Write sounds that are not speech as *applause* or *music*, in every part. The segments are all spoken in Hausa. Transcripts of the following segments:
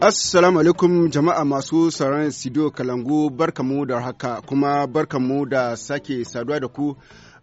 Assalamu alaikum jama'a masu sauran Sido Kalangu barkamu da haka kuma barkamu da sake saduwa da ku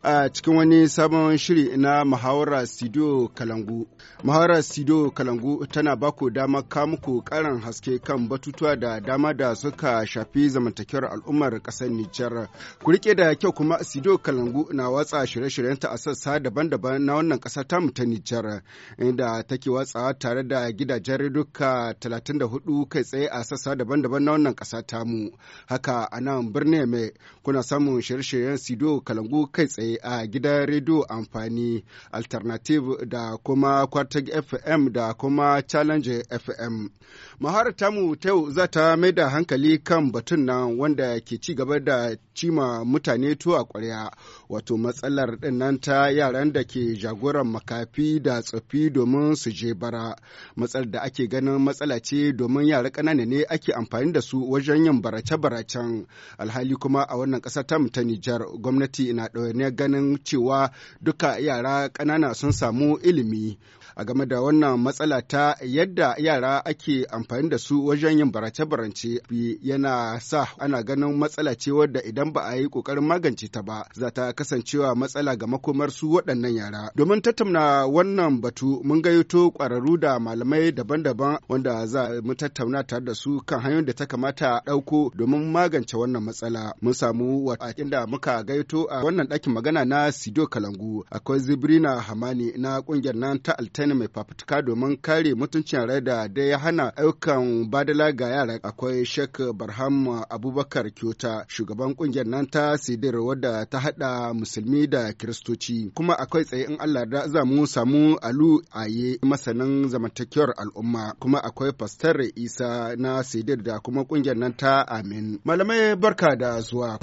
a cikin wani sabon shiri na muhawara studio kalangu muhawara studio kalangu tana baku dama kamuku karin haske kan batutuwa da dama da suka shafi zamantakewar al'ummar kasar nijar ku da kyau kuma studio kalangu na watsa shirye-shiryenta a sassa daban-daban na wannan kasa tamu ta nijar inda take watsa tare da gidajen reduka 34 kai tsaye a sassa daban-daban na wannan kasa tamu haka a nan birnin mai kuna samun shirye-shiryen studio kalangu kai tsaye a gidan rediyo amfani alternative da kuma kwartag fm da kuma challenge fm mahawar tamu ta yau za ta mai da hankali kan batun nan wanda ke ci gaba da cima mutane tuwa kwarya wato matsalar ɗinnan ta yaran da ke jagoran makafi da tsofi domin su je bara matsalar da ake ganin matsala ce domin yara ƙanana ne ake amfani da su wajen yin barace-baracen alhali kuma a wannan ƙasa ta ta Nijar gwamnati na ɗawainiyar ganin cewa duka yara ƙanana sun samu ilimi. a game da wannan matsala ta yadda yara ake amfani da su wajen yin barace-barance yana sa ana ganin matsala ce wadda idan ba a yi kokarin magance ta ba za ta kasancewa matsala ga makomar su waɗannan yara domin tattauna wannan batu mun gayyato ƙwararru da malamai daban-daban wanda za mu tattauna tare da su kan hanyoyin da ta kamata a ɗauko domin magance wannan matsala mun samu wa inda muka gayyato a wannan ɗakin magana magana na Sido Kalangu akwai Zibrina Hamani na kungiyar nan ta Altaina mai fafutuka domin kare mutuncin rai da dai ya hana aukan badala ga yara akwai Sheikh Barham Abubakar Kyota shugaban kungiyar nan ta Sidir wadda ta hada musulmi da kiristoci kuma akwai tsaye in Allah da za mu samu Alu Aye masanin zamantakewar al'umma kuma akwai Pastor Isa na Sidir da kuma kungiyar nan ta Amin malamai barka da zuwa.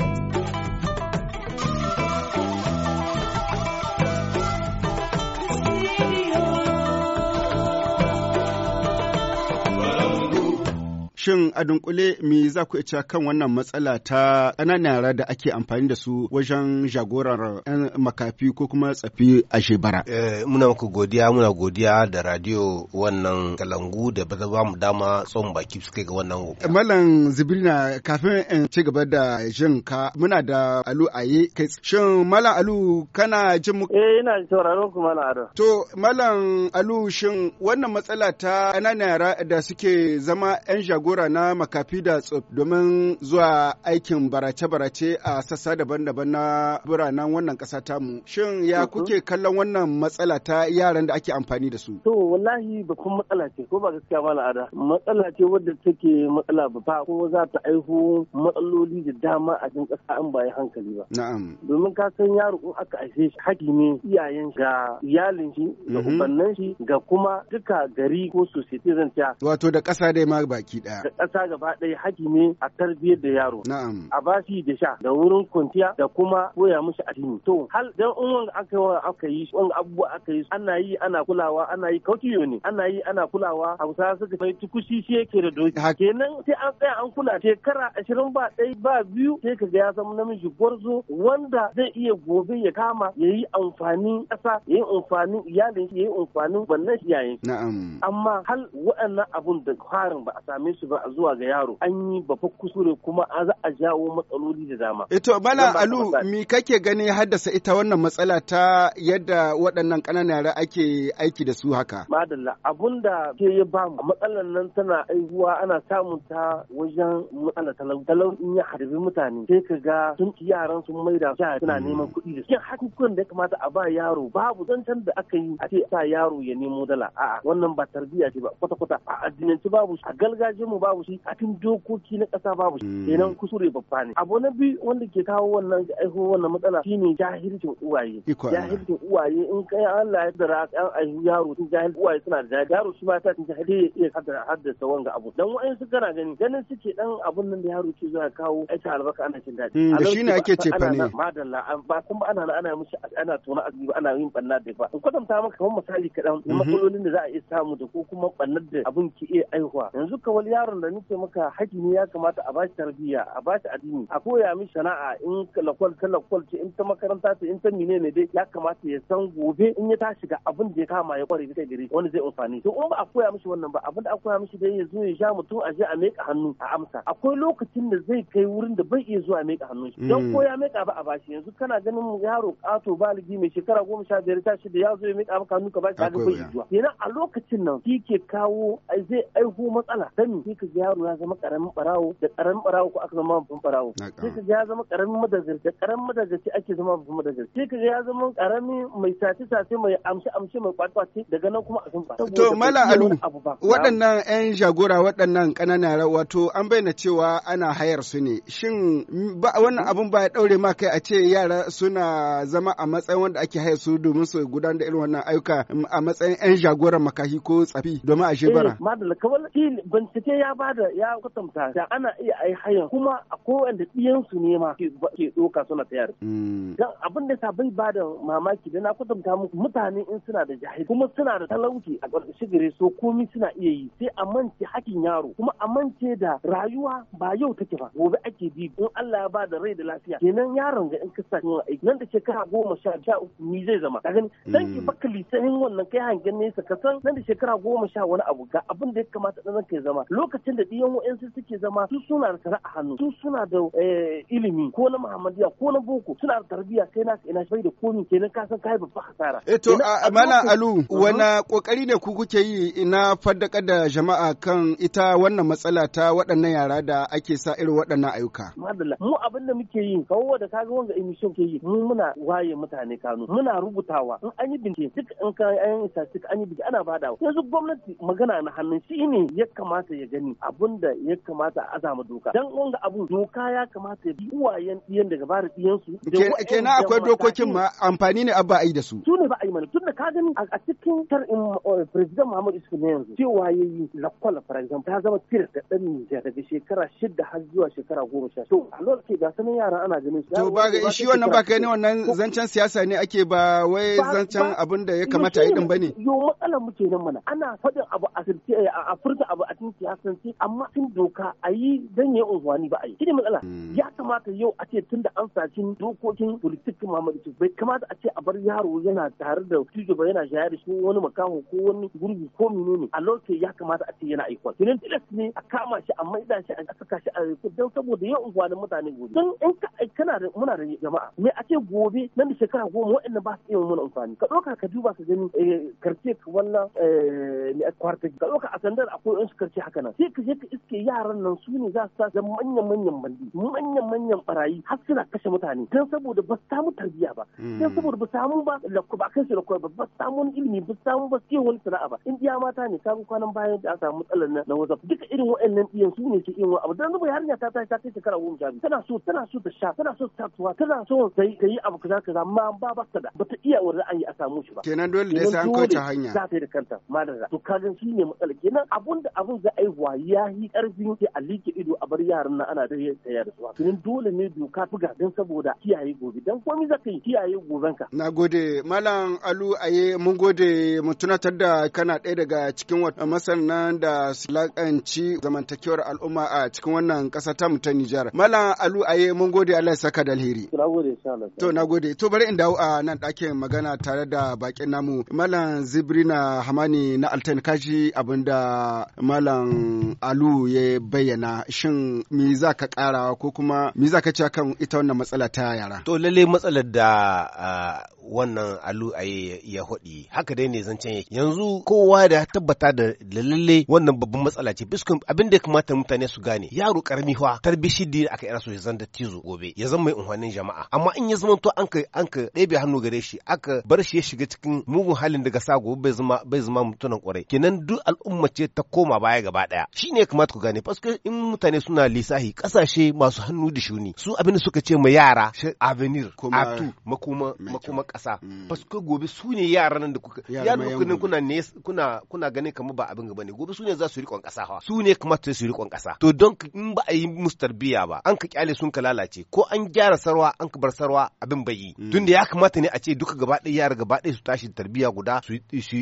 Shin a dunkule me za ku iya kan wannan matsala ta ƙananan yara da ake amfani da su wajen jagorar 'yan makafi ko kuma tsafi a shebara? Eh, muna muku godiya muna godiya da radio wannan kalangu da ba za mu dama tsohon baki kai ga wannan Malam Zibrina kafin in ci gaba da jin ka muna da Alu Aye kai shin Malam Alu kana jin mu? Eh ina sauraron ku Malam Ado. To Malam Alu shin wannan matsala ta ƙananan yara da suke zama 'yan jagorar jagora na makafi da tsof domin zuwa aikin barace-barace a sassa daban-daban na biranen wannan ta mu. Shin ya mhm. kuke kallon wannan matsala ta yaran da ake amfani da su? To wallahi kun matsala ce ko ba gaskiya ba al'ada. Matsala ce wadda take matsala fa ko za ta aihu matsaloli da dama a cikin ƙasa an bayan hankali ba. Na'am. Domin ka san yaro in aka aise shi haƙi ne iyayen ga iyalin shi da mhm. ubannin shi ga kuma duka gari ko society zan ta. Wato da ƙasa dai ma baki ɗaya. da ƙasa gaba ɗaya haƙi ne a tarbiyyar da yaro. Na'am. A bashi da sha da wurin kwanciya da kuma koya mishi addini. To hal dan in wanga aka yi aka yi wanga abubuwa aka yi ana yi ana kulawa ana yi kautiyo ne ana yi ana kulawa Hausa suka sai tukushi shi yake da doki. Kenan sai an tsaya an kula shekara ashirin ba ɗaya ba biyu sai ka ga ya zama namiji gwarzo wanda zai iya gobe ya kama ya yi amfani ƙasa ya yi amfani iyalin ya yi amfani wannan iyayen. Na'am. Amma hal waɗannan abun da harin ba a same su zuwa ga yaro an yi bafa kusure kuma a za a jawo matsaloli da dama. Ito eh bala alu mi kake gani haddasa ita wannan matsala ta yadda waɗannan ƙananan yara ake aiki da su haka. Madalla abun da ke ya ba mu matsalar nan tana aihuwa ana samun ta wajen matsalar talau talau in ya harbi mutane sai ka ga sun ci yaran sun maida ya suna neman mm. kuɗi da su. Yan hakukan da ya kamata a ba yaro babu zancen da aka yi a ce sa yaro ya nemo dala a'a wannan ba tarbiyya ce ba kwata kwata a addinance babu a galgajen mu babu shi a cikin dokoki na ƙasa babu shi hmm. kenan kusure babba ne abu na biyu wanda ke kawo wannan aiko wannan matsala shine jahilcin uwaye jahilcin uwaye in kai Allah ya dara an aihu yaro tun jahil uwaye suna da yaro shi ba ta tun jahil ya iya haddasa wanga abu dan wa'in su kana gani ganin suke dan abun nan da yaro ke zuwa kawo aita albarka ana cin daɗi hmm, da ne ake ce fa ne madalla ba kuma ana ana mishi ana tona azumi ana yin banna da ba in kwatanta maka kamar misali kaɗan mhm. matsalolin da za a iya samu da ko kuma bannar da abun ke iya aihuwa yanzu kawal yaro yaron da nake maka ne ya kamata a ba shi tarbiyya a shi addini a koya min sana'a in lakwal ta lakwal ce in ta makaranta ce in ta mine ne dai ya kamata ya san gobe in ya tashi ga abin da ya kama ya kware kai gari wani zai amfani to in ba a koya mishi wannan ba abin da a koya mishi dai ya zo ya sha mutum a je a meka hannu a amsa akwai lokacin da zai kai wurin da bai iya zuwa a meka hannu shi mm. don ko ya meka ba a bashi yanzu kana ganin yaro kato baligi mai shekara goma sha biyar tashi da ya zo ya meka maka hannu ka bashi ka ga bai zuwa kenan a lokacin nan shi ke kawo zai aiho matsala sani ka ji yaro ya zama karamin barawo da karamin barawo ko aka zama babban barawo sai ka ji ya zama karamin madagar da karamin madagarci ake zama babban madagar sai ka ji ya zama karami mai sace sace mai amshi amshi mai kwatwace daga nan kuma a sun ba to mala alu waɗannan yan jagora waɗannan ƙananan wato an bayyana cewa ana hayar su ne shin ba wannan abun ba ya daure ma kai a ce yara suna zama a matsayin wanda ake haya su domin su gudanar da irin wannan ayyuka a matsayin 'yan jagoran makahi ko tsafi domin a shebara. Eh, madalla, kawai cike ya ba bada ya kwatanta da ana iya ai hayan kuma a kowanda ɗiyansu ne ma ke ɗoka suna tayar. Mm. Dan abin da bai bada mamaki da na kwatanta muku mutane in suna da jahil kuma suna da talauci a ƙarƙashin gare so komi suna iya yi sai a mance hakin yaro kuma a mance da rayuwa ba yau take ba gobe ake bi in Allah ya bada rai da lafiya kenan yaron ga in ka sa aiki nan da shekara goma sha sha uku ni zai zama ka gani mm. dan ki baka lisanin wannan kai hangen nesa ka san nan da shekara goma sha wani abu ga abin da ya kamata dan kai zama lokacin lokacin da diyan wa'ansu suke zama su suna da sana'a hannu su suna da eh, ilimi ko na muhammadiya ko na boko suna da tarbiyya kai na ina bai da komi kenan ka san kai babba hasara eh to mana alu wani kokari ne ku kuke yi na faddakar da jama'a kan ita wannan matsala ta waɗannan yara da ake sa irin waɗannan ayyuka madalla mu abin da muke yi kawo da kaga wanga emission ke yi mu muna waye mutane kanu muna rubutawa in an yi bincike duk in ka an yi an yi bincike ana badawa yanzu gwamnati magana na hannun shi ne ya kamata ya gani abun da ya kamata a azama doka dan ga abun doka ya kamata ya bi uwayen diyan daga bara diyan su kenan akwai dokokin ma amfani ne abba ai da su su ne ba mana tun da ka gani a cikin tarin eh, president Muhammadu Isu ne yanzu cewa yayi lakwala for example ta zama tir da dan da daga shekara shida har zuwa shekara goma to a lokacin ga sanin yara ana ganin shi to ba ga shi wannan ba kai ne wannan zancen siyasa ne ake ba wai zancen abin da ya kamata a yi din bane yo matsalar muke nan mana ana fadin abu a sirce eh, a furta abu a cikin siyasance amma sun doka a yi dan yayi unguwani ba a yi matsala hmm. ya kamata yau a ce tunda an saci dokokin politik Muhammadu Isu bai kamata a ce a bar yaro yana tare tabbatar da ba yana shayar shi wani makamu ko wani gurgu ko menene a lokacin ya kamata a ce yana aikuwa kinin tilas ne a kama shi a maida shi a saka shi a don saboda yawan unguwanin mutane gobe don in ka kana muna da jama'a me a ce gobe nan da shekara goma waɗanda ba su iya mana amfani ka ɗauka ka duba ka gani eh, karce ka wannan eh, ne kwarta ka ɗauka a sandar akwai wani karce haka nan sai ka je ka iske yaran nan su ne za su sa manyan manyan bandi manyan manyan barayi har suna kashe mutane don saboda ba su samu tarbiyya ba hmm. don saboda ba samu ba da ba kai da kwai ba samun ilimi ba samun ba ke wani sana'a ba in iya mata ne kamun kwanan bayan da aka samu matsalar na na wazaf duka irin wa'annan iyan su ne su irin abu dan zuba yarinya ta ta kai shekara goma sha biyu tana so tana so ta sha tana so ta tuwa tana so ta yi yi abu kaza kaza amma ba ba ta da ta iya wani ra'ayi a samu shi ba kenan dole ne sai an kauce hanya za ta yi da kanta madara to kaga shi ne matsala kenan abun da abun za a yi wa ya yi karfin ke a liƙe ido a bar yaran nan ana da yaya da su kenan dole ne doka buga don saboda kiyaye gobe dan komai za ka yi kiyaye gobenka na gode malam Alu Aye mun gode mu tunatar da kana ɗaya daga cikin masana da lakanci zamantakewar al'umma a cikin wannan ƙasa ta mu ta Nijar. Malam Alu Aye mun gode Allah ya saka da alheri. To na gode. To bari in dawo a nan ɗakin magana tare da bakin namu Malam Zibrina Hamani na Altan Kaji abinda Malam Alu ya bayyana shin me za ka ƙara ko kuma me za ka ci kan ita wannan matsala ta yara. To lallai matsalar da wannan Alu ayi ya hudi haka dai ne zancen yanzu kowa da tabbata da lalle wannan babban matsala ce biskun abin da kamata mutane su gane yaro karami fa tarbishi da aka yi su ya zan tizo gobe ya zama mai unhwanin jama'a amma in ya zama to an ka an ka ɗebe hannu gare shi aka bar shi ya shiga cikin mugun halin daga sa gobe bai zama bai zama mutunan kwarai kenan duk al'umma ce ta koma baya gaba daya shine kamata ku gane paske in mutane suna lisahi kasashe masu hannu da shuni su abin da suka ce ma yara avenir atu makuma makuma kasa mm. paske gobe su ne yaran da kuka ya ku ne kuna ne kuna kuna ganin kamar ba abin gaba ne gobe su ne za su riƙon ƙasa hawa su ne kamar su riƙon ƙasa to don in ba a yi musu tarbiyya ba an ka kyale sun ka lalace ko an gyara sarwa an ka bar sarwa abin bai yi mm. tun da ya kamata ne a ce duka gaba ɗaya yara gaba ɗaya su tashi tarbiyya guda su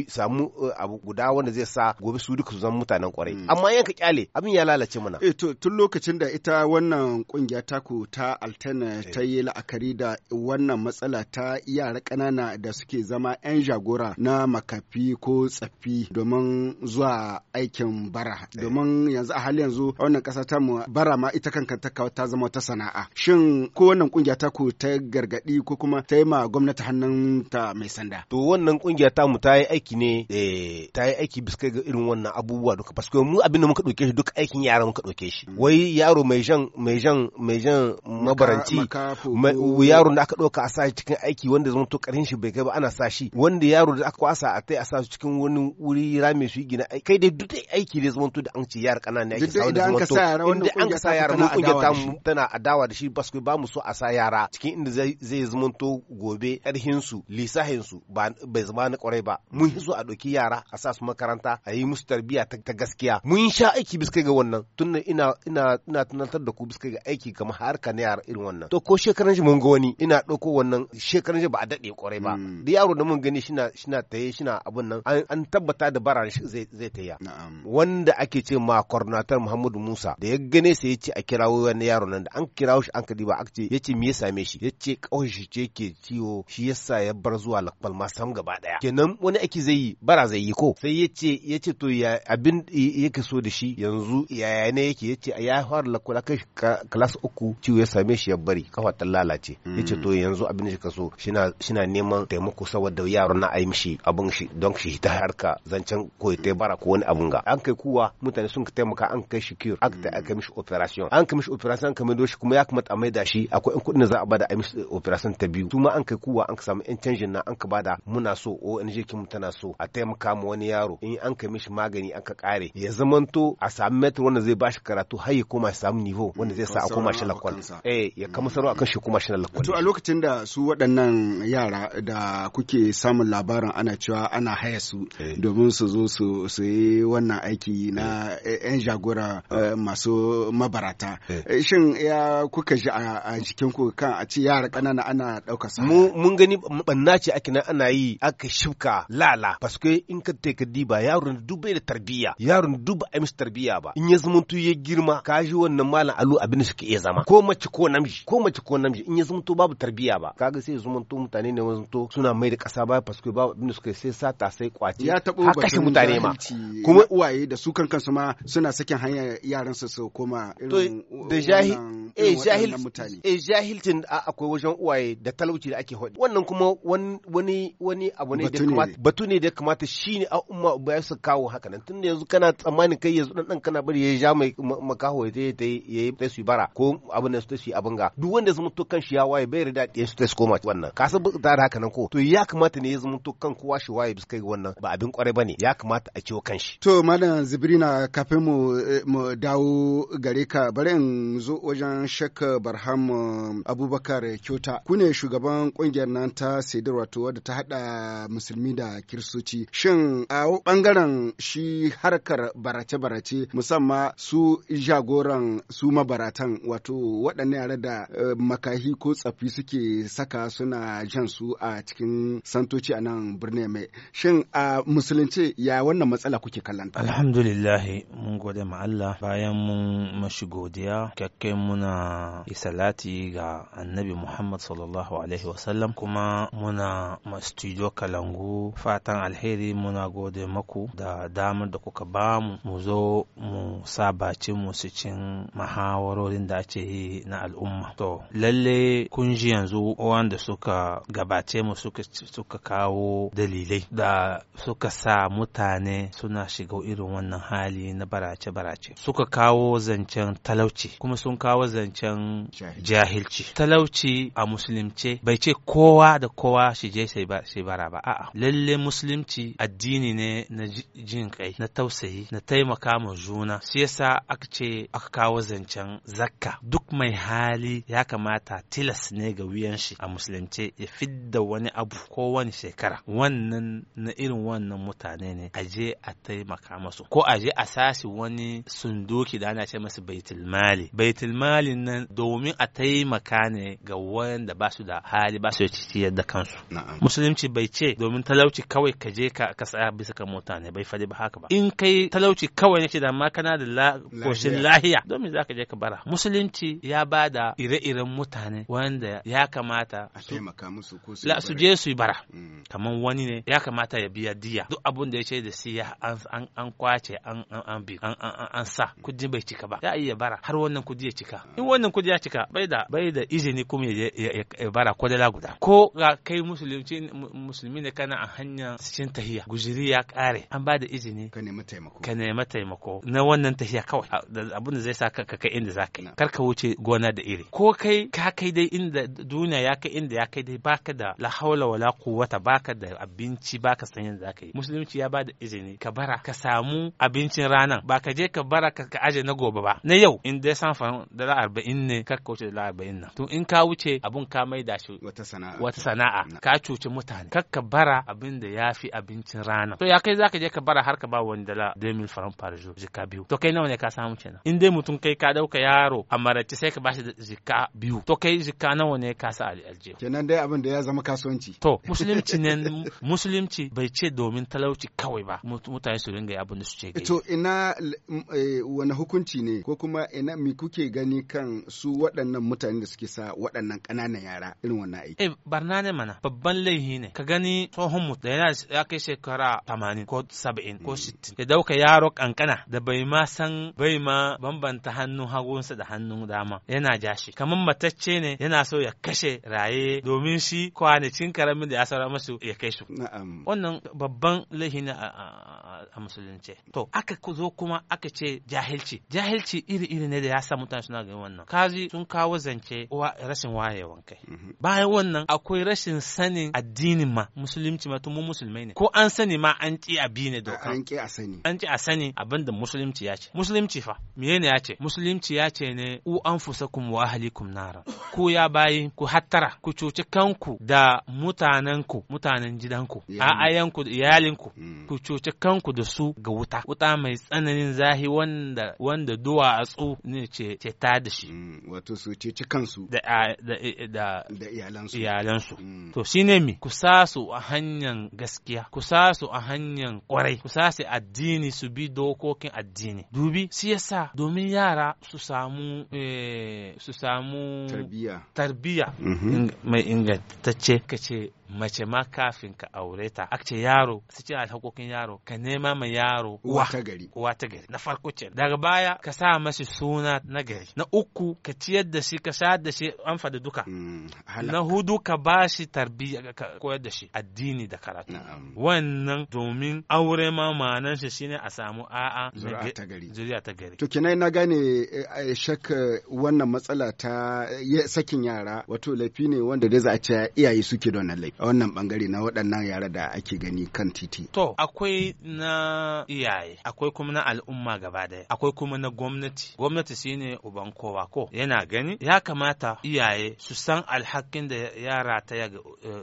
samu eh, abu guda wanda zai sa gobe su duka su zama mutanen kwarai mm. amma yan ka kyale abin ya lalace mana eh to tun lokacin da ita wannan kungiya ku ta altana eh. ta yi la'akari da wannan matsala ta yara ƙanana da suke zama 'yan jagora na makafi ko tsaffi domin zuwa aikin bara eh. domin yanzu a hali yanzu a wannan ƙasa ta mu bara ma ita kanka ta ta zama wata sana'a shin ko wannan kungiya ta ku ta gargadi ko kuma ta yi ma gwamnati hannun ta mai sanda to wannan kungiya ta mu ta yi aiki ne eh, ta yi aiki bisa ga irin wannan abubuwa duka parce mu abin da muka dauke shi duk aikin yara muka dauke shi mm. wai yaro mai jan mai jan mai jan mabaranci yaro da aka dauka a sa cikin aiki wanda zama to karin shi bai kai ba ana rasa shi wanda yaro da aka kwasa a tai a sa cikin wani wuri rame su gina kai dai duk aiki da zamanto da an ce yar kanana yake sa da zamanto inda an ka sa yara mu kungiya ta mu tana adawa da shi basu ba mu so a sa yara cikin inda zai to gobe ƙarhin su lisahin su bai zama na kwarai ba mun so a doki yara a sa su makaranta a yi musu tarbiyya ta gaskiya mun sha aiki biskai ga wannan tun ina ina ina tunatar da ku biskai ga aiki kamar harka na yara irin wannan to ko shekaran shi mun ga wani ina ɗauko wannan shekaran shi ba a daɗe kwarai ba hmm. yaro da mun gani shina shina taye shina abun nan an tabbata da bara zai zai taya wanda ake ce ma coordinator Muhammadu Musa da ya gane sai ya a kirawo wani yaro nan da an kirawo shi an ka diba aka ce yace me ya same shi yace kawai shi ce ke ciwo shi yasa ya bar zuwa lakbal ma sam gaba daya kenan wani aiki zai yi bara zai yi ko sai yace yace to ya abin yake so da shi yanzu yaya ne yake yace ya fara lakbal kai class uku ciwo ya same shi ya bari kafa ta lalace yace mm. to yanzu abin da shi ka so shina shina neman taimako saboda yaro na ai mishi abun shi don shi ta harka zancen koyi ta bara ko wani abun ga an kai kuwa mutane sun ka taimaka an kai shi kir aka aka mishi operation an kai mishi operation an kai shi kuma ya kamata a maida shi akwai in kudin da za a bada a mishi operation ta biyu kuma an kai kuwa an ka samu in canjin na an ka bada muna so ONG kin tana so a taimaka ma wani yaro in an kai mishi magani an ka kare ya zamanto a samu metro wanda zai bashi karatu har ya koma samu nivo wanda zai sa a koma shi lakwal eh ya kama sarwa akan shi koma shi lakwal to a lokacin da su waɗannan yara da kuke samun labarin ana cewa ana haya su eh. domin su zo su yi wannan aiki na 'yan eh. jagora eh, masu mabarata shin ya kuka ji a jikin ku kan a ci yara ƙanana ana ɗauka sa mun gani banna ce ake nan ana yi aka shifka lala paske in ka te ka diba yaron duk bai da tarbiyya yaron duk ba a tarbiyya ba in ya zumuntu ya girma ka ji wannan malam alu abin da suke iya zama ko mace ko namiji ko mace ko namiji in ya zumuntu babu tarbiyya ba kaga sai zumuntu mutane ne zumuntu suna mai da ƙasa ba fasko ba abin suka sai sata sai kwace ya taɓo haka shi mutane ma kuma uwaye da su kankan su ma suna sakin hanyar yaran su su koma irin da jahil eh jahil eh jahiltin akwai wajen uwaye da talauci da ake hodi wannan kuma wani wani abu ne da kamata batu ne da kamata shine a umma ba su kawo haka nan tunda yanzu kana tsammanin kai yanzu dan kana bari ya ja mai makaho ya yi ta su bara ko abin da su ta su abin ga duk wanda su mutu kan shi ya waye bai rida ya su ta su koma wannan ka san da haka nan ko to ya kamata ne ya zama to kan kowa shi waye bisa kai wannan ba abin kwarai bane ya kamata a ciwo kanshi to malam zibrina kafin mu eh, mu dawo gare ka bari in zo wajen shek barham eh, abubakar kyota kune shugaban kungiyar nan ta sedar wato wadda ta hada musulmi da kiristoci shin a bangaren shi harkar barace-barace musamman su jagoran su mabaratan wato waɗannan yare da eh, makahi ko tsafi suke saka suna jan su a cikin santoci a nan birnin mai shin a musulunci ya wannan matsala kuke kallanta alhamdulillah mun gode ma Allah bayan mun mashi godiya kakkai muna salati ga annabi Muhammad sallallahu alaihi wasallam kuma muna mastijo kalangu fatan alheri muna gode maku da damar da kuka bamu mu zo mu sa mu su cin mahawarorin da ake yi na al'umma to lalle kun ji yanzu wanda suka gabace mu suka suka kawo dalilai da suka sa mutane suna shiga irin wannan hali na barace-barace suka kawo zancen talauci kuma sun kawo zancen jahilci talauci a musulunce bai ce kowa da kowa shi je sai bara ba a'a lalle musulunci addini ne na jin kai na tausayi na taimaka ma juna shi yasa aka ce aka kawo zancen zakka duk mai hali ya kamata tilas ne ga wuyan shi a musulunce ya fidda wani abu ko wani shekara wannan na irin wannan mutane ne a je a taimaka masu ko a je a sashi wani sunduki da ana ce masu baitul mali baitul mali nan domin a taimaka ne ga wanda ba su da hali ba su ci da kansu musulunci bai ce domin talauci kawai ka je ka ka tsaya bisa kan mutane bai fadi ba haka ba in kai talauci kawai nake da ma kana da koshin lahiya domin zaka je ka bara musulunci ya bada ire-iren mutane wanda ya kamata a taimaka musu ko su je su yi bara mm. kamar wani ne ya kamata ya biya diya duk abun da ya ce da siya an kwace an bi an sa mm. kudi bai cika ba ya iya bara har wannan kudi ya cika in mm. wannan kudi ya cika bai da bai da izini kuma ya bara kwadala guda ko ga kai musulunci musulmi ne kana a hanyar cikin tahiya guziri ya kare an ba da izini ka nemi taimako ka nemi taimako na wannan tahiya kawai abun da zai sa ka kai inda za ka yi kar ka wuce gona da iri ko kai ka kai dai inda duniya ya kai inda ya kai dai baka da la haula wala kuwata baka da abinci baka san yadda zaka yi musulunci ya bada izini ka bara ka samu abincin ranan ba ka je ka bara ka, aje na gobe ba na yau in dai san fa dala arba'in ne ka kauce dala arba'in nan to in ka wuce abun ka mai da shi wata sana'a wata sana'a ka cuci mutane kar ka bara abin da ya fi abincin ranan to ya kai zaka je ka bara har ka ba wani dala 2000 francs par jour jika biyu to kai nawa ne ka samu kenan in dai mutum kai ka dauka yaro a marace sai ka bashi jika biyu to kai jika nawa ne ka sa aljihu kenan dai abin da ya zama kasuwanci to to *laughs* musulunci ne musulunci bai ce domin talauci kawai ba mutane su ringa abin da su ce to ina eh, wani hukunci ne ko kuma ina mi kuke gani kan su waɗannan mutane da suke sa waɗannan ƙananan yara irin wannan aiki eh barna ne mana babban laihi ne ka gani tsohon mu da yana ya kai shekara tamanin ko saba'in ko hmm. sittin ya dauka yaro kankana da bai ma san bai ma bambanta hannun hagunsa da hannun dama yana jashi kamar matacce ne yana so ya kashe raye domin shi kwanacin karamin abin da ya sara masu ya kai su wannan babban laifi ne a a musulunce to aka zo kuma aka ce jahilci jahilci iri iri ne da ya sa mutane suna ganin wannan kaji sun kawo zance rashin wayewan kai mhm. bayan wannan akwai rashin sanin addinin ma musulunci ma tun mu musulmai ne ko an sani ma an ki a bi ne doka an ki a sani an ki a sani abinda musulunci ya ce musulunci fa ne ya ce musulunci ya ce ne u anfusakum wa ahlikum nara ku ya bayi ku hattara ku cuci kanku da mutanenku mutanen gidanku a'ayanku da iyalinku mm. ku cuci kanku da da su ga wuta wuta mai tsananin zahi wanda wanda duwatsu ne ce ta da shi mm, wato su ce ci kansu da iyalansu iyalansu mm. to shine mi ku su a hanyar gaskiya ku su a hanyar kwarai ku sa su addini su bi dokokin addini dubi shi yasa domin yara su samu eh, su samu tarbiya mm-hmm. mai ingantacce kace mace ma kafin ka aure ta ce yaro su ce alhakokin yaro ka nema ma yaro uwa ta gari uwa ta gari na farko ce daga baya ka sa masa suna na gari na uku ka ciyar da shi ka sayar da shi an fada duka mm, na hudu ka ba shi tarbiyya ka koyar da shi addini da karatu wannan domin aure ma ma'anar shi shine a samu a'a zuriya ta gari to kinai na gane eh, eh, shak eh, wannan matsala ta sakin yara wato laifi ne wanda dai za a ce iyaye suke da wannan laifi wannan bangare na waɗannan yara da ake gani kan titi. To akwai na iyaye akwai kuma na al'umma gaba daya akwai kuma na gwamnati gwamnati ne uban kowa ko yana gani ya kamata iyaye su san alhakin da yara ta eh,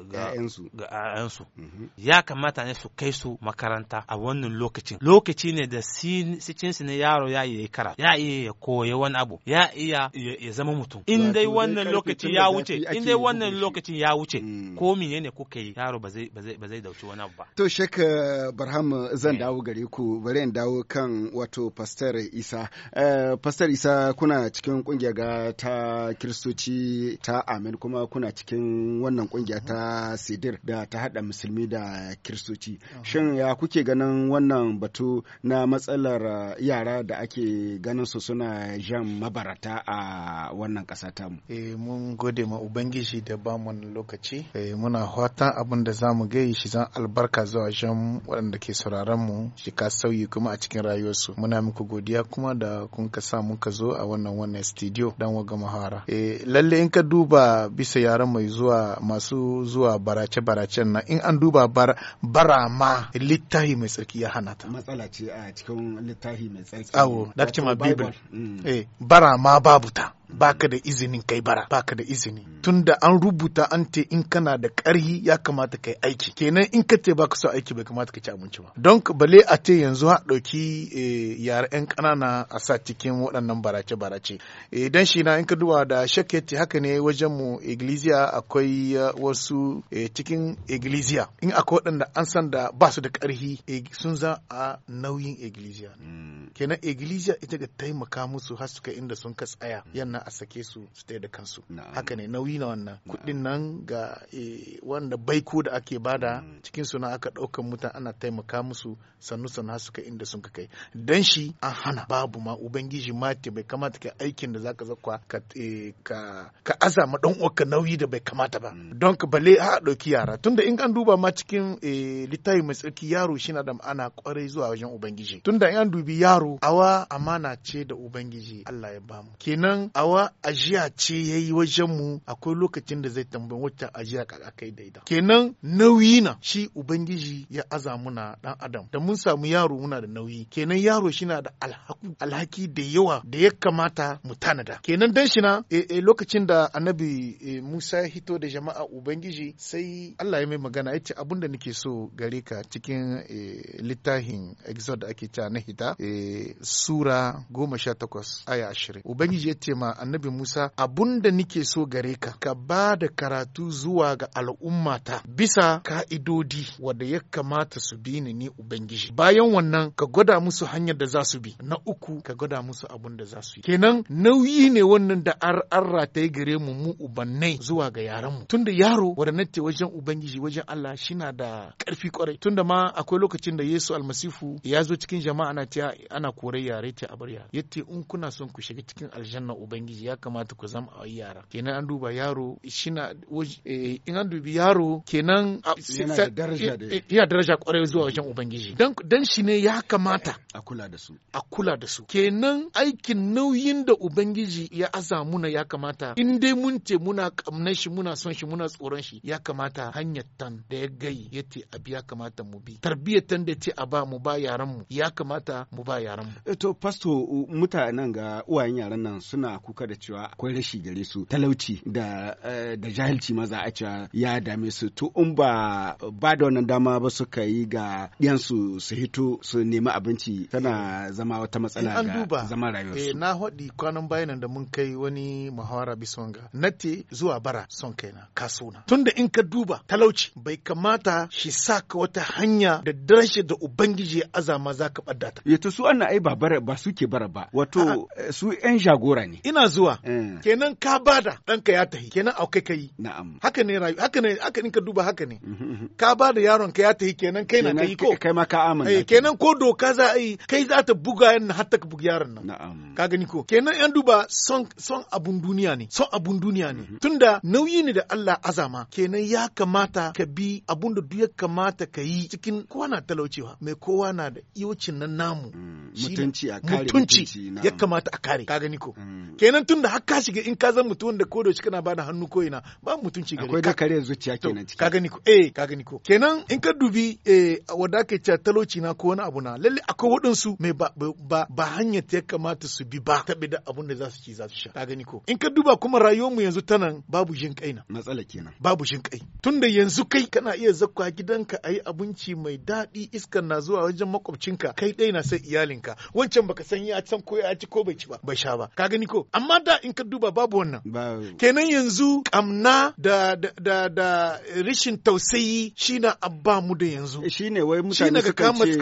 ga yayansu mhm. ya kamata ne su kai su makaranta a wannan lokacin lokaci ne da cikin na ne yaro ya yi kara. ya iya ya koya wani abu ya iya ya zama mutum in dai wannan lokaci ya wuce in dai wannan lokacin ya wuce mm. ko menene ne kuka yi yaro ba zai dauci wani ba to shek eh, barham zan eh. dawo gare ku bari in dawo kan wato pastor isa eh, pastor isa kuna cikin kungiya ga ta kiristoci ta amen kuma kuna cikin wannan kungiya ta sidir da ta hada musulmi da kiristoci shin ya kuke ganin wannan batu na matsalar yara da ake ganin su suna jan mabarata a wannan kasa tamu mun gode ma ubangiji da bamu lokaci muna fatan abin da za mu gai shi zan albarka zuwa shan waɗanda ke sauraron mu shi ka sauyi kuma a cikin rayuwarsu muna muku godiya kuma da kun ka sa ka zo a wannan wannan studio dan waga muhara eh lalle in ka duba bisa yaran mai zuwa masu zuwa barace baracen nan in an duba bara ma littahi mai tsarki ya hana ta matsala ce a cikin littahi mai tsarki awo dakcin ma bible mm. eh bara ma babu ta baka da izinin kai bara baka da izini tunda an rubuta an te in kana da ƙarhi ya kamata kai aiki kenan in ka te baka so aiki bai kamata ka ci abinci ba don bale a te yanzu ha ɗauki eh, yara yan kanana a sa cikin waɗannan barace barace eh, idan shi na in ka duba da shaketi haka ne wajen mu iglesia akwai eh, wasu cikin iglesia in akwai waɗanda an san da ba su da ƙarhi sun za a nauyin iglesia mm. kenan iglesia ita ga taimaka musu har suka inda sun ka tsaya yana na a sake su su tsaye da kansu haka ne nauyi na wannan kuɗin nan ga e, wanda baiko da ake bada mm. cikin suna aka ɗaukan mutan ana taimaka musu sannu sannu har suka inda sun kai dan shi an hana babu ma ubangiji ma ce bai kamata ka aikin da zaka zakwa e, ka ka azama dan uwanka nauyi da bai kamata ba mm. don ka bale a ɗauki yara tunda in an duba ma cikin e, littafi mai tsarki yaro shi na da ana kwarai zuwa wajen ubangiji tunda in an dubi yaro awa amana ce da ubangiji Allah ya bamu kenan a nawa ajiya ce ya yi wajen mu akwai lokacin da zai tambayi wata ajiya kaka kai daida kenan nauyi na shi ubangiji ya aza muna dan adam da mun samu yaro muna da nauyi kenan yaro shi na da alhaki da yawa da ya kamata mu tanada kenan dan shi na eh, eh, lokacin da annabi eh, Musa ya hito da jama'a ubangiji sai Allah ya mai magana ya ce abin da nake so gare ka cikin littafin exod, da ake cewa na hita sura goma sha takwas aya ashirin ubangiji ya ce ma annabi Musa abun da nike so gare ka ka ba da karatu zuwa ga al'ummata bisa ka'idodi wadda ya kamata su bi ni ni Ubangiji bayan wannan ka gwada musu hanyar da za su bi na uku ka gwada musu abun da za su yi kenan nauyi ne wannan da ar arra ta yi gare mu mu ubannai zuwa ga yaran mu tunda yaro wanda nace wajen Ubangiji wajen Allah shina da karfi kwarai tunda ma akwai lokacin da Yesu almasifu ya zo cikin jama'a ana ta ana korai yare ta a yace in kuna son ku shiga cikin aljanna Ubangiji ubangiji ya kamata ku zama a yara kenan an duba yaro shina eh, in an dubi yaro kenan ah, ya eh, eh, daraja kwarai zuwa wajen ubangiji dan shi ne ya kamata a kula da su a kula da su kenan aikin nauyin da ubangiji ya aza muna ya kamata in dai mun ce muna kamnan shi muna son shi muna tsoron shi ya kamata hanyar tan da ya gai ya ce abi ya kamata mu bi tarbiyyar tan da ce a ba mu ba yaran mu ya kamata mu ba yaran mu to pastor mutanen ga uwayen yaran nan suna ku kuka da cewa akwai rashi gare su talauci da eh, da jahilci ma za a cewa ya dame su to in ba ba da wannan dama ba suka yi ga ɗiyansu su hito su nemi abinci tana eh. zama wata eh, matsala ga zaman rayuwarsu. su na haɗi kwanan bayan da mun kai wani muhawara bisonga nate zuwa bara son kaina kasuna tunda in ka duba talauci bai kamata shi sa saka wata hanya da darashi da ubangiji azama za ka ɓadda ta. Yato su ana ai ba bara ba suke bara ba wato su 'yan jagora ne. Ina zuwa eh. kenan ka bada ɗanka ya tahi kenan aukai kai yi na'am haka ne rayu haka ne haka in ka duba haka ne mhm, mhm, mhm. ka bada yaron ka ya tahi kenan kai na kai ko kai ma ka amana eh, kenan ko doka za a yi kai za ta buga yan har ta buga yaron nan na'am ka gani ko kenan yan duba son son abun duniya ne son abun duniya ne tunda nauyi ne da Allah azama kenan ya kamata ka bi abun da duk ya kamata ka yi cikin kowa na talaucewa mai kowa na da iyocin nan namu mm, mutunci a kare mutunci ya kamata a kare ka gani ko mm. kenan kenan tun da haka shiga in ka zan mutum da kodo shi kana bada hannu ko ina ba mutunci gare akwai da kare zuciya kenan ciki ka gani ko eh ka gani ko kenan in ka dubi eh wanda ke ta taloci na ko wani abu na lalle akwai waɗansu mai ba ba, ba hanyar ta kamata su bi ba tabi da abun da za su ci za su sha ka gani ko in ka duba kuma rayuwar mu yanzu tanan babu jin kai na matsala kenan babu jin kai tunda yanzu kai kana iya zakwa gidanka ayi abinci mai daɗi iskar na zuwa wajen makwabcinka kai dai na sai iyalinka wancan baka san ya can ko ya ci ko bai ci ba bai sha ba ka gani ko amma da in ka duba babu wannan kenan yanzu kamna da da da rishin tausayi shine abba mu da yanzu eh, shine wai mutane suka ce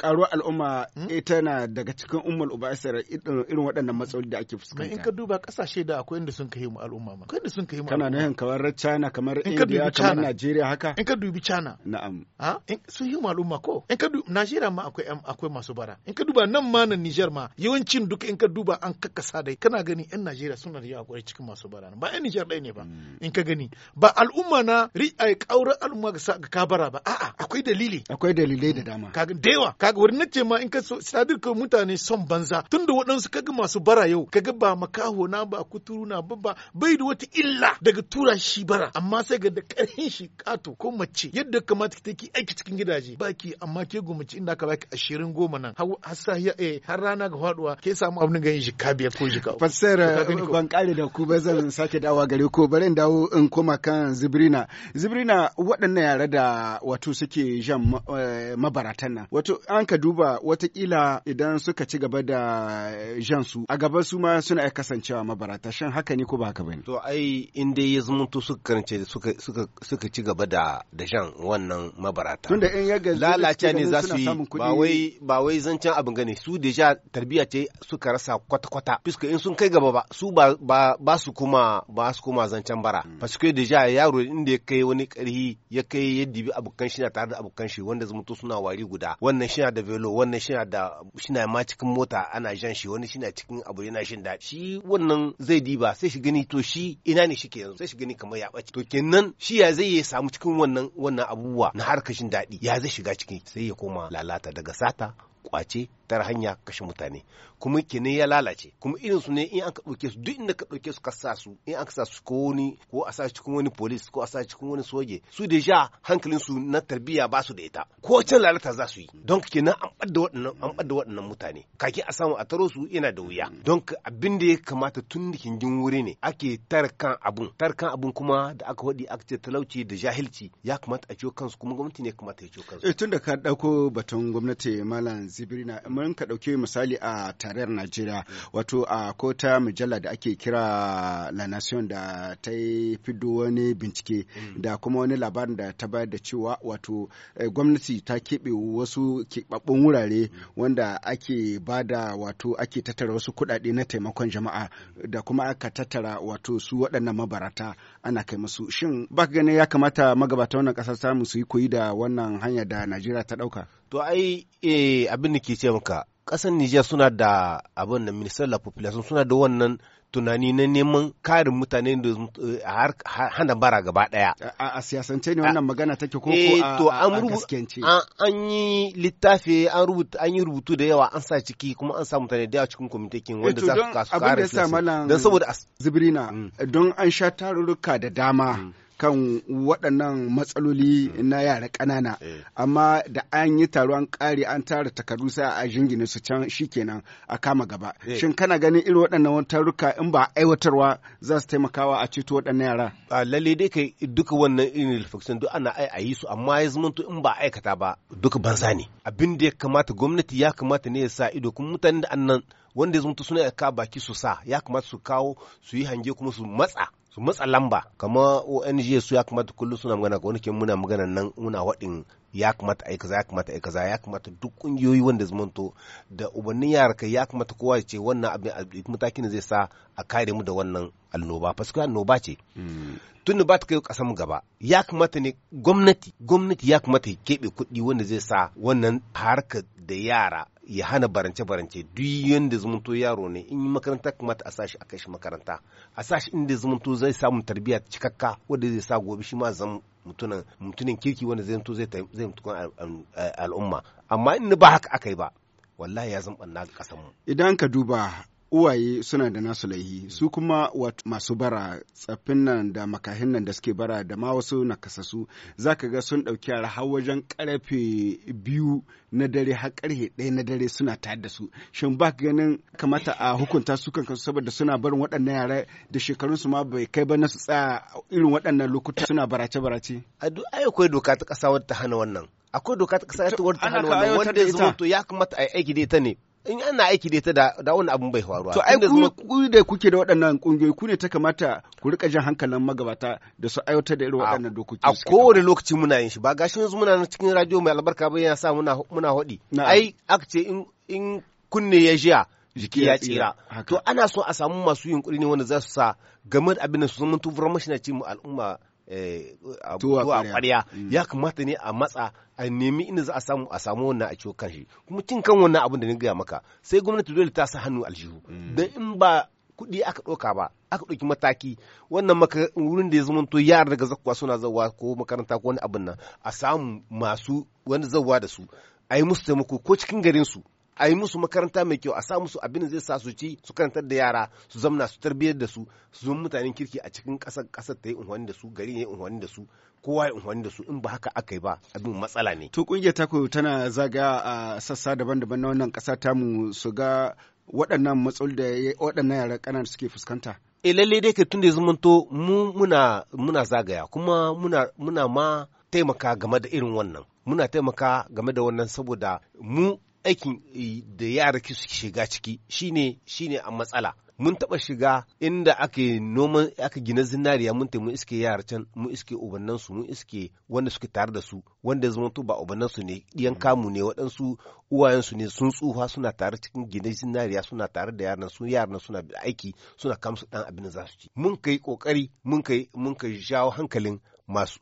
karuwar al'umma ita hmm? eh, na daga cikin ummul ubaisar irin waɗannan matsaloli da ake fuskanta in ka duba kasashe da akwai inda sun kai mu al'umma ma akwai inda sun kai mu kana nan kamar China kamar India kamar Nigeria haka in ka dubi China na'am ha sun yi mu al'umma ko in ka dubi Nigeria ma akwai akwai masu bara in ka duba nan ma na Niger ma yawancin duka in ka duba an kakkasa dai kana gani 'yan Najeriya suna da yawa kwarai cikin masu bara ba 'yan Nijar ɗaya ne ba mm. in ka gani ba al'umma na ri'ayi ƙaurar al'umma ga kabara ba a'a akwai dalili akwai dalilai da dama kaga da yawa kaga wurin nace ma in ka so ka mutane son banza tun tunda waɗansu kaga masu bara yau ka ga ba makaho na ba kuturu na ba ba bai da wata illa daga tura shi bara amma sai ga da ƙarfin shi kato ko mace yadda kamata ki take aiki cikin gidaje baki amma ke gumace inda ka baki ashirin goma nan har sahiya eh, har rana ga faduwa ke samu abin ganin shi kabiya ko jika sir ban kare da ku ba zan sake dawa gare ku bari in dawo in koma kan zibrina zibrina waɗannan yare da wato suke jan eh, mabaratan nan wato an ka duba watakila idan suka ci gaba da jan su a gaba su ma suna iya kasancewa mabarata shan haka ne ko ba haka bane to ai in dai ya zumunto suka karance suka suka suka ci gaba da da jan wannan mabarata tunda in ya ga lalace ne za su yi ba wai ba wai zancen abin gane su deja tarbiya ce suka rasa kwata kwata fiska in sun kai gaba ba su ba su kuma ba su kuma zancen bara hmm. que deja yaro inda ya kai wani karhi ya kai ya dibi abukan shi na tare da abukan shi wanda mutu suna wari guda wannan shi na da velo wannan shi na da shi na ma cikin mota ana jan shi wani shi na cikin abu yana shin daɗi shi wannan zai diba sai shi gani to shi ina ne ke yanzu sai shi gani kamar ya bace to kenan shi ya zai ya samu cikin wannan wannan abubuwa na harkar shin daɗi ya zai shiga ciki sai ya koma lalata daga sata kwace tar hanya kashe mutane kuma kine ya lalace kuma irin su ne in an ka ɗauke su duk inda ka dauke su ka sa su in an ka sa su ko wani ko a sa cikin wani police ko a sa cikin wani soje su da ja hankalin su na tarbiyya ba su da ita ko can lalata za su yi don kenan an ɓadda waɗannan an ɓadda waɗannan mutane kaki a samu a taro su yana da wuya don abin da ya kamata tun da kingin wuri ne ake tarkan abun tarkan abun kuma da aka wadi aka ce talauci da jahilci ya kamata a ciwo kansu kuma gwamnati ne kamata ya ciwo kansu eh, tun da ka dauko batun gwamnati malam zibirina kamar ka ɗauki misali a tarayyar najeriya wato a kota mujalla da ake kira la nation da ta yi fido wani bincike da kuma wani labarin da ta bayar da cewa wato eh, gwamnati ta keɓe wasu keɓaɓɓun wurare wanda ake bada wato ake tattara wasu kuɗaɗe na taimakon jama'a da kuma aka tattara wato su waɗannan mabarata ana kai musu shin ba ganin ya kamata magabata wannan ƙasar samu su yi koyi da wannan hanya da najeriya ta ɗauka To ai eh, abin da ke ce maka ƙasar Nijar suna da abin da ministan la population suna da wannan tunani na neman karin mutane da eh, hana bara gaba daya. A siyasance ne wannan magana take ko ko eh, a gaskiyance. An yi littafi an rubuta an yi rubutu da yawa an sa ciki kuma an sa mutane da yawa cikin kwamitakin wanda za su kasu karin don saboda zibirina mm. don an sha tarurruka da dama mm. kan waɗannan matsaloli na yara ƙanana eh. amma da an yi taruwan ƙari an tara takardu sai a jingine su can shikenan a kama gaba eh. shin kana ganin irin waɗannan taruka in ba aiwatarwa za su taimakawa a ceto waɗannan yara a lalle dai kai duka wannan irin reflection duk ana a yi su amma ya zama in ba aikata ba duka banza ne abin da ya kamata gwamnati ya kamata ne ya sa ido kuma mutanen da annan wanda ya zama suna ka baki su sa ya kamata su kawo su yi hange kuma su matsa su matsa lamba kama ONG su ya kamata kullum suna magana ga wani muna magana nan muna waɗin ya kamata ai za ya kamata ai za ya kamata duk ƙungiyoyi wanda zamanto da ubannin yara kai ya kamata kowa ce wannan abin matakin zai sa a kare mu da wannan annoba fasko annoba ce mm. tunda ba ta kai kasan mu gaba ya kamata ne gwamnati gwamnati ya kamata ya keɓe kuɗi wanda zai sa wannan harka da yara ya hana barance barance duk yadda zumunto yaro ne in yi makaranta kamata a sashi a kai shi makaranta a sashi inda zumunto zai samu tarbiyya cikakka wanda zai sa gobe shi ma zama mutunan mutunan kirki wanda zai mutu zai mutukun al'umma amma in ba haka akai yi ba wallahi ya zama ɓanna ga mu. Idan ka duba uwaye suna da nasu laihi su kuma masu bara tsaffin nan da makahin nan da suke bara da ma wasu nakasasu za ka ga sun ɗauki yara har wajen karfe biyu na dare har karfe ɗaya na dare suna tayar da su shin ba ganin kamata a hukunta su kan kasu saboda suna barin waɗannan yara da shekarun su ma bai kai ba na su tsaya irin waɗannan lokuta suna barace barace a duk akwai doka ta ƙasa wadda ta hana wannan akwai doka ta ƙasa wadda ta hana wannan wanda ya zama to ya kamata a yi aiki da ita ne in ana aiki da ita da da wannan abun bai faruwa to ai ku da kuke da waɗannan kungiyoyi ku ne ta kamata ku rika jan hankalin magabata da su aiwatar da irin waɗannan dokoki a kowane lokaci muna yin shi ba gashi yanzu muna nan cikin radio mai albarka ba yana sa muna muna hodi ai aka ce in kunne ya jiya jiki ya tsira to ana so a samu masu yunkuri ne wanda za su sa game da abin da su zama tu mashina ce mu al'umma Eh, a kwariya mm. ya kamata ne a matsa a nemi inda za a samu a samu wannan a ciwo kanshi kuma cin kan wannan abin da ni gaya maka sai gwamnati dole ta sa hannu aljihu mm. da in ba kuɗi aka ɗauka ba aka ɗauki mataki wannan wurin da ya zama to yara daga zakuwa suna zawa ko makaranta ko wani abin nan a samu masu wani zawa da su a yi musu taimako ko cikin garin su a yi musu makaranta mai kyau a sa musu abin da zai sa su ci su karantar da yara su zamna su tarbiyyar da su su zama mutanen kirki a cikin ƙasar ƙasar ta yi unhwani da su gari ne unhwani da su kowa ya unhwani da su in ba haka aka yi ba abin matsala ne. to kungiyar koyo tana zaga a sassa daban-daban na wannan ƙasa tamu su ga waɗannan matsaloli da waɗannan yara ƙanana suke fuskanta. e lallai dai ka tunda ya zamanto mu muna muna zagaya kuma muna muna ma taimaka game da irin wannan muna taimaka game da wannan saboda mu aikin eh, da yara suke shiga ciki shine shine a matsala mun taba shiga inda ake noman aka gina zinariya mun taimu iske yara can mun iske ubannan su mun iske wanda suke tare da su wanda zama to ba ubannan ne yan kamu ne waɗansu uwayen su ne sun tsufa suna tare cikin gina zinariya suna tare da yaran su yaran suna aiki suna kamsu dan abin da za su ci mun kai kokari mun kai mun kai jawo hankalin masu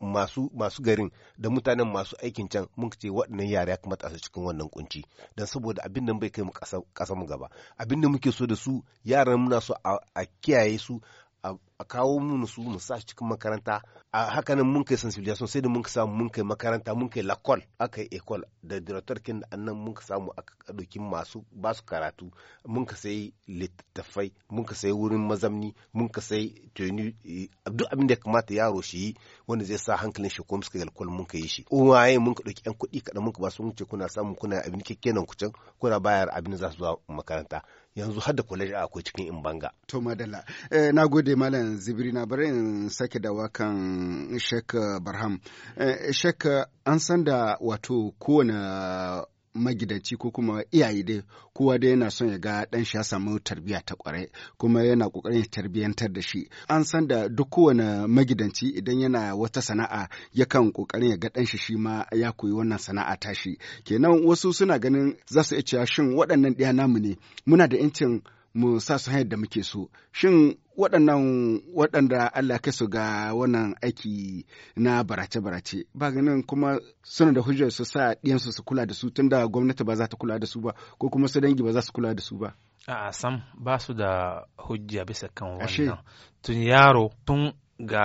masu masu garin da mutanen masu aikin can mun ce waɗannan yara ya kamata su cikin wannan kunci don saboda abin nan bai kai mu ƙasa mu gaba abin da muke so da su yaran muna so a kiyaye su a kawo mun su mu sa cikin makaranta a haka nan mun kai sensibilisation sai da mun ka samu mun kai makaranta mun kai lakol aka yi ekol da director kin da annan mun ka samu aka ɗauki masu ba su karatu mun ka sai littattafai mun ka sai wurin mazamni mun ka sai tuni e, duk abin da ya kamata yaro shi yi wanda zai sa hankalin shi kuma suka yi lakol mun ka yi shi uwaye mun ka ɗauki yan kuɗi kaɗan mun ka ba su mun ce kuna samun kuna abin kekkenan kucan kuna bayar abin za su zuwa makaranta yanzu har da kwaleja akwai cikin imbanga. To madalla, eh, na gode malam zibiri na bari in sake da wakan shek Barham. Eh, shek an san da wato kowane magidanci ko kuma iyaye dai kowa dai yana son ya ga dan shi ya samu tarbiyya ta kwarai kuma yana kokarin tarbiyyantar da shi an san da duk kowane magidanci idan yana wata sana'a yakan kokarin ya ga dan shi shi ma ya koyi wannan sana'a ta shi. kenan wasu suna ganin za su iya cewa shin waɗannan ɗiya namu ne muna da 'yancin mu sa su hanyar da muke so shin waɗannan waɗanda Allah ka su ga wannan aiki na barace-barace ba ganin kuma suna da hujjar su sa ɗiyansu su kula da su tunda gwamnati ba za ta kula da su ba ko kuma su dangi ba za su kula da su ba a sam ba su da hujja bisa kan wannan tun yaro tun ga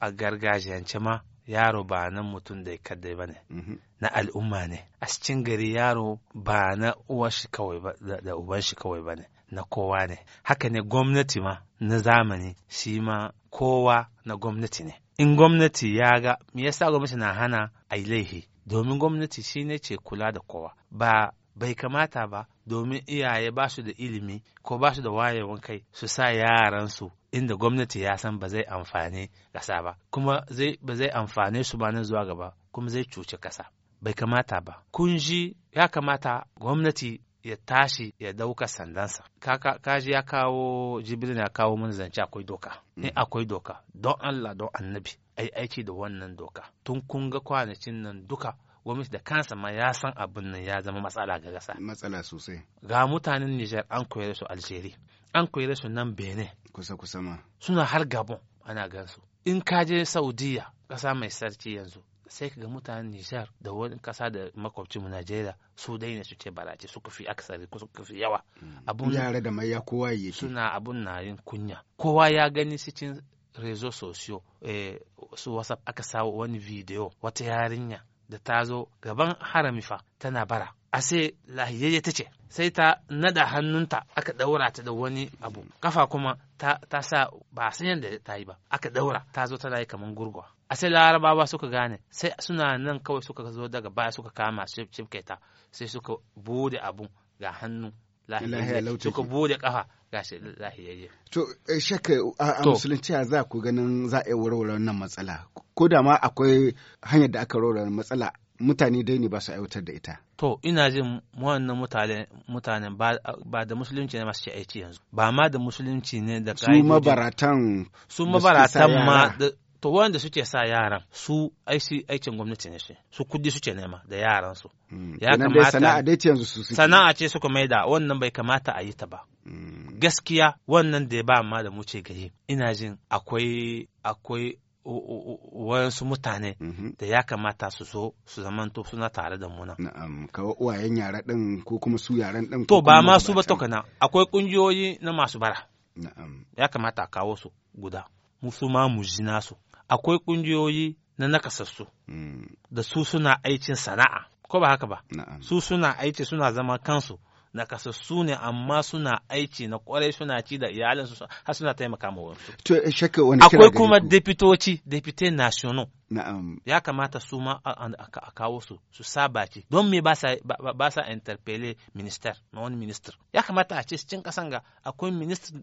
a gargajiyance ma yaro ba na mutum da ya ba ne mm-hmm. na al'umma ne a cikin gari yaro ba na uwar shi kawai ba da uban shi kawai ba ne na kowa ne haka ne gwamnati ma na zamani shi ma kowa na gwamnati ne in gwamnati ya ga me yasa gwamnati na hana a laihi domin gwamnati shi ne ce kula da kowa ba bai kamata ba domin iyaye ba su da ilimi ko ba su da wayewan kai su sa yaransu inda gwamnati ya san ba zai amfane kasa ba kuma ba zai amfane su ba nan zuwa gaba kuma zai cuci kasa bai kamata ba kun ji ya kamata gwamnati ya tashi ya dauka sandansa kaka kaji ya kawo jibril ya kawo mun zance akwai doka ni mm. eh, akwai doka don Allah don annabi ai aiki da wannan doka tun kun ga kwanacin nan duka gwamnati da kansa ma ya san abin nan ya zama matsala ga gasa matsala sosai ga mutanen Nijar an koyar su Algeria an koyar su nan Benin kusa kusa ma suna har Gabon ana gansu in kaje Saudiya kasa mai sarki yanzu sai ka ga mutanen Nijar da wani kasa da makwabci mu Najeriya su ne su ce barace suka fi aksari ko suka fi yawa mm. abun yare da maiya kowa yake suna abun na yin kunya kowa ya gani cin rezo sosiyo eh, su WhatsApp aka sawo wani video wata yarinya da ta zo gaban harami fa tana bara a sai lahiyayye ta ce sai ta nada hannunta aka daura ta da wani abu kafa mm. kuma ta, ta sa ba san yadda ta yi ba aka daura ta zo tana yi kamar gurgwa a sai larabawa suka gane sai suna nan kawai suka zo daga baya suka kama shifkaita sai suka bude abun ga hannu suka bude kafa ga shi lahiyayye to eh, shakka a musulunci za ku ganin za a yi warware wannan matsala ko da ma akwai hanyar da aka warware matsala mutane dai ne ba su aiwatar da ita to ina jin wannan mutane mutanen ba da musulunci ne masu ci aici yanzu ba ma da musulunci ne da su mabaratan su mabaratan ma to wanda suke sa yaran su aikin gwamnati ne shi su kudi suke nema da yaran su hmm. ya kamata sana'a ce yanzu su sana'a ce suka maida wannan bai kamata a yi ta ba hmm. gaskiya wannan da ya ba ma da mu ce gari ina jin akwai akwai wayansu mutane mhm. da ya kamata su so su zamanto suna tare da muna. Na'am, kawo uwayen yara din ko kuma su yaran din To ba ma su ba tokana, akwai kungiyoyi na masu bara. Na'am. Ya kamata a kawo su guda, mu su ma mu ji nasu. akwai ƙungiyoyi na nakasassu hmm. da su suna aikin sana'a ko ba haka ba su suna aiki suna zama kansu kasassu ne amma suna aiki na kwarai suna ci da iyalinsu har suna taimaka ma wasu. Eh, akwai kuma deputoci, depute national. Na'am. Ya kamata su ma a kawo su su saba ce don me ba sa interpele minister na wani minister. Ya kamata a ce cikin kasan ga akwai minister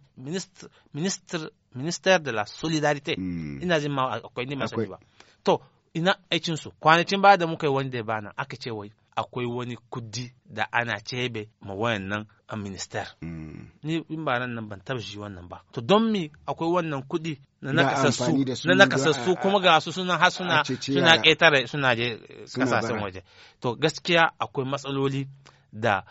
minister de la solidarité. Hmm. Ina jin ma akwai ne masu ba. To ina aikinsu kwanacin ba da muka yi wani da bana aka ce wai akwai wani kudi da ana cebe ma wayannan a minister. Mm. Ni in ba nan ban taba shi wannan ba. To don mi akwai wannan kudi na nakasassu na nakasassu kuma ga su suna har suna suna ƙetare suna je kasashen waje. To gaskiya akwai matsaloli da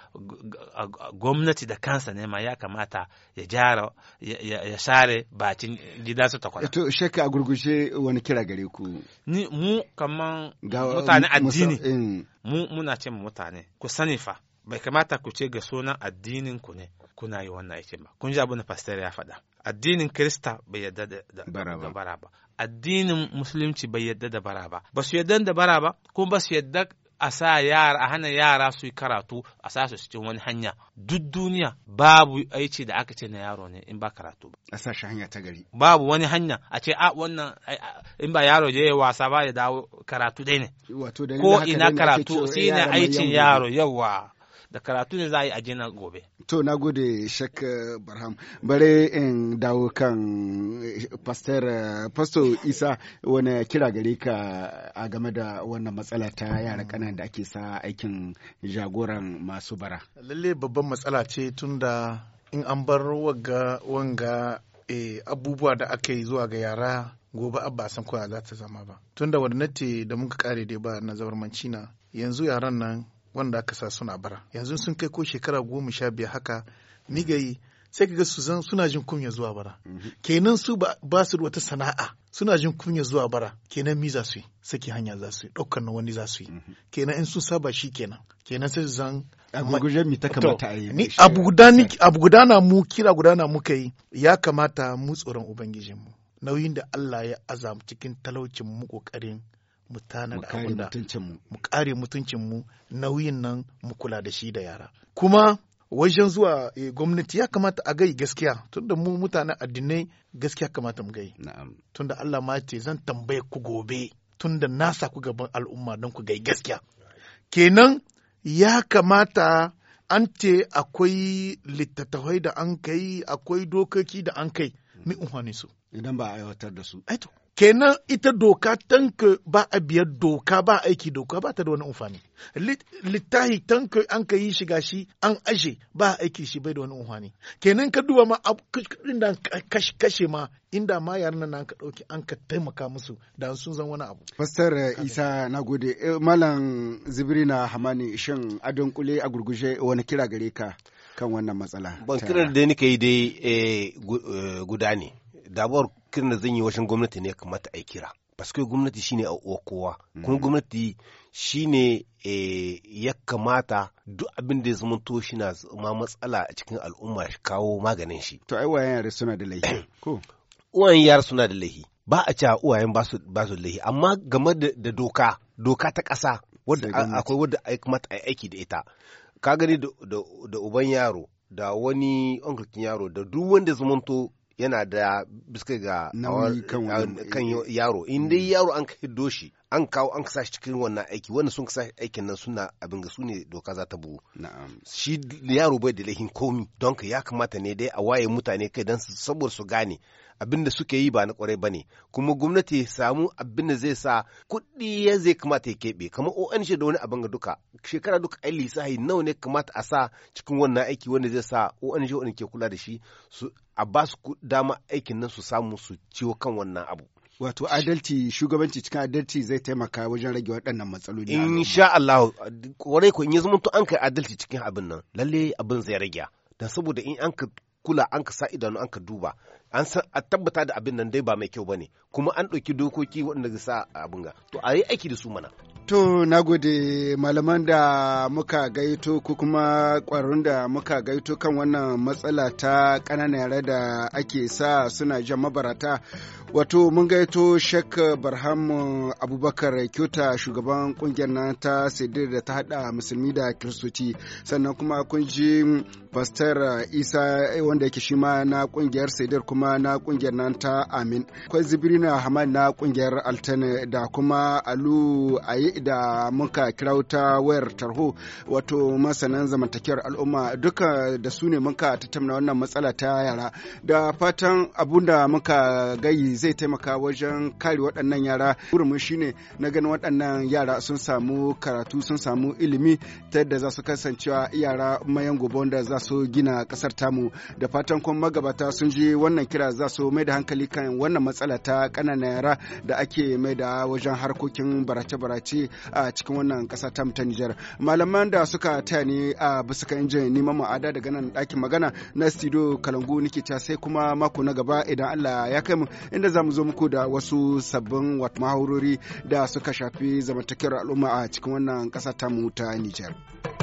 gwamnati da kansa ne ma ya kamata ya jara ya share bacin gidansu ta kwana. To shakka a gurgushe wani kira gare ku. Ni mu kaman mutane addini mu muna ce mutane ku sani fa bai kamata ku ce ga sunan addinin ku ne kuna yi wannan aikin ba kun ji abin da pastor ya faɗa addinin Kirista bai yadda da bara ba addinin musulunci bai yadda da bara ba ba su yadda da bara ba kuma ba su yadda a sa yara a hana yara su yi karatu a sa su cikin wani hanya duk duniya babu aici da aka ce na yaro ne in ba karatu ba a sa shi hanya ta gari babu wani hanya a ce ah, a wannan in ba yaro je ya wasa ba ya dawo karatu dai ne ko ina karatu shi ne aicin yaro yawa da karatu ne za a yi a gobe To na gode Shek Barham bare in dawo kan eh, pastor eh, pastor Isa wani kira gare ka a game da wannan matsala ta yara kanan da ake sa aikin jagoran masu bara. Lalle babban matsala ce tunda in an bar wanga wanga eh, abubuwa da aka yi zuwa ga yara gobe abba san koya za ta zama ba. Tunda wadda da muka kare dai ba na zabarmanci na yanzu yaran nan wanda aka sa suna bara yanzu sun kai ko shekara goma sha biyar haka ni yi sai ka ga su zan suna jin kunya zuwa bara mhm. kenan su ba su wata sana'a suna jin kunya zuwa bara kenan mi za su yi saki hanya za su yi ɗaukar wani za su yi mhm. kenan in sun saba shi kenan kenan sai su zan abu guda na mu kira guda na muka yi ya kamata mu tsoron ubangijinmu nauyin da Allah ya azam cikin talaucin mu kokarin mu tanada abin da mu kare mutuncinmu nauyin nan mu kula da shi da yara kuma wajen zuwa eh, gwamnati ya kamata a gai gaskiya tunda mu mutanen addinai gaskiya kamata mu gai tunda Allah ma ce zan tambaye ku gobe tunda na sa ku gaban al'umma don ku gai gaskiya kenan ya kamata an ce akwai littattafai da an kai akwai dokoki da an kai mi in su idan ba a aiwatar da su kenan ita doka tanka ba a biyar doka ba aiki doka ba ta da wani amfani littahi tanka an ka yi shiga shi an aje ba aiki shi bai da wani amfani kenan ka duba ma kudin da kashe ma inda ma yaran nan ka dauki an ka taimaka musu da sun zan wani abu pastor eh, isa nagode eh, malam na hamani shin adon kule a gurguje wani kira gare ka kan wannan matsala ban kiran da nake yi dai eh, guda ne dabar kiran da zan yi wajen gwamnati ne kamata a yi kira paske gwamnati shine a uwa kowa mm-hmm. kuma gwamnati shine eh, ya kamata duk abin da ya to shi na zama matsala a cikin al'umma shi kawo maganin shi to ai wayan yare suna da laihi *coughs* ko uwayen yare suna da laihi ba a cewa uwayen ba su da laihi amma game da doka doka ta ƙasa wadda akwai wadda a kamata a aiki da ita ka gani da uban yaro da wani onkulkin yaro da duk wanda zumunto yana da biskai ga kan yaro in dai mm. yaro an kai doshi an kawo an kasa shi cikin wannan aiki wanda sun kasa aikin nan suna abin ga su ne doka za ta bugu shi yaro bai da lahin komi don ka ya kamata ne dai a waye mutane kai don saboda su gane abin da suke yi ba na kwarai ba ne kuma gwamnati samu abin da zai sa kuɗi ya zai kamata ya keɓe kamar on da wani abin ga duka shekara duka ai lissahi nawa ne kamata a sa cikin wannan aiki wanda zai sa on wani ke kula da shi a ba su dama aikin nan su samu su ciwo kan wannan abu wato adalci shugabanci cikin adalci zai taimaka wajen rage waɗannan matsaloli insha Allah kware ko in ya zama an kai adalci cikin abin nan lalle abin zai rage dan saboda in an ka kula an ka sa idanu an ka duba an san a tabbata da abin nan dai ba mai kyau bane kuma an ɗauki dokoki waɗanda zai sa abin ga to a yi aiki da su mana to na malaman da muka gaito ko kuma ƙwararrun da muka gaito kan wannan matsala ta ƙananan yare da ake sa suna jan mabarata wato mun gaito shek barham abubakar kyota shugaban kungiyar nan ta sedir da ta hada musulmi da kiristoci sannan kuma kun ji pastor isa eh, wanda yake shi na ƙungiyar sidir kuma kuma na kungiyar nan ta amin akwai zibirina hamad na kungiyar altane da kuma alu ayi da muka wuta wayar tarho wato masanan zamantakewar al'umma duka da su ne muka tattauna wannan matsala ta yara da fatan abun da muka gayi zai taimaka wajen kare waɗannan yara shi shine na ganin waɗannan yara sun samu karatu sun samu ilimi ta yadda za su kasancewa yara mayan gobe wanda za su gina ƙasar tamu da fatan kuma magabata sun ji wannan kira za su mai da hankali kan wannan matsala ta ƙananan yara da ake mai da wajen harkokin barace-barace a cikin wannan kasa ta ta Nijar. Malaman da suka taya ni a bisa kan injin neman ma'ada daga nan ɗakin magana na studio Kalangu nike ta sai kuma mako na gaba idan Allah ya kai mu inda za mu zo muku da wasu sabbin wat mahaurori da suka shafi zamantakewar al'umma a cikin wannan kasa ta ta Nijar.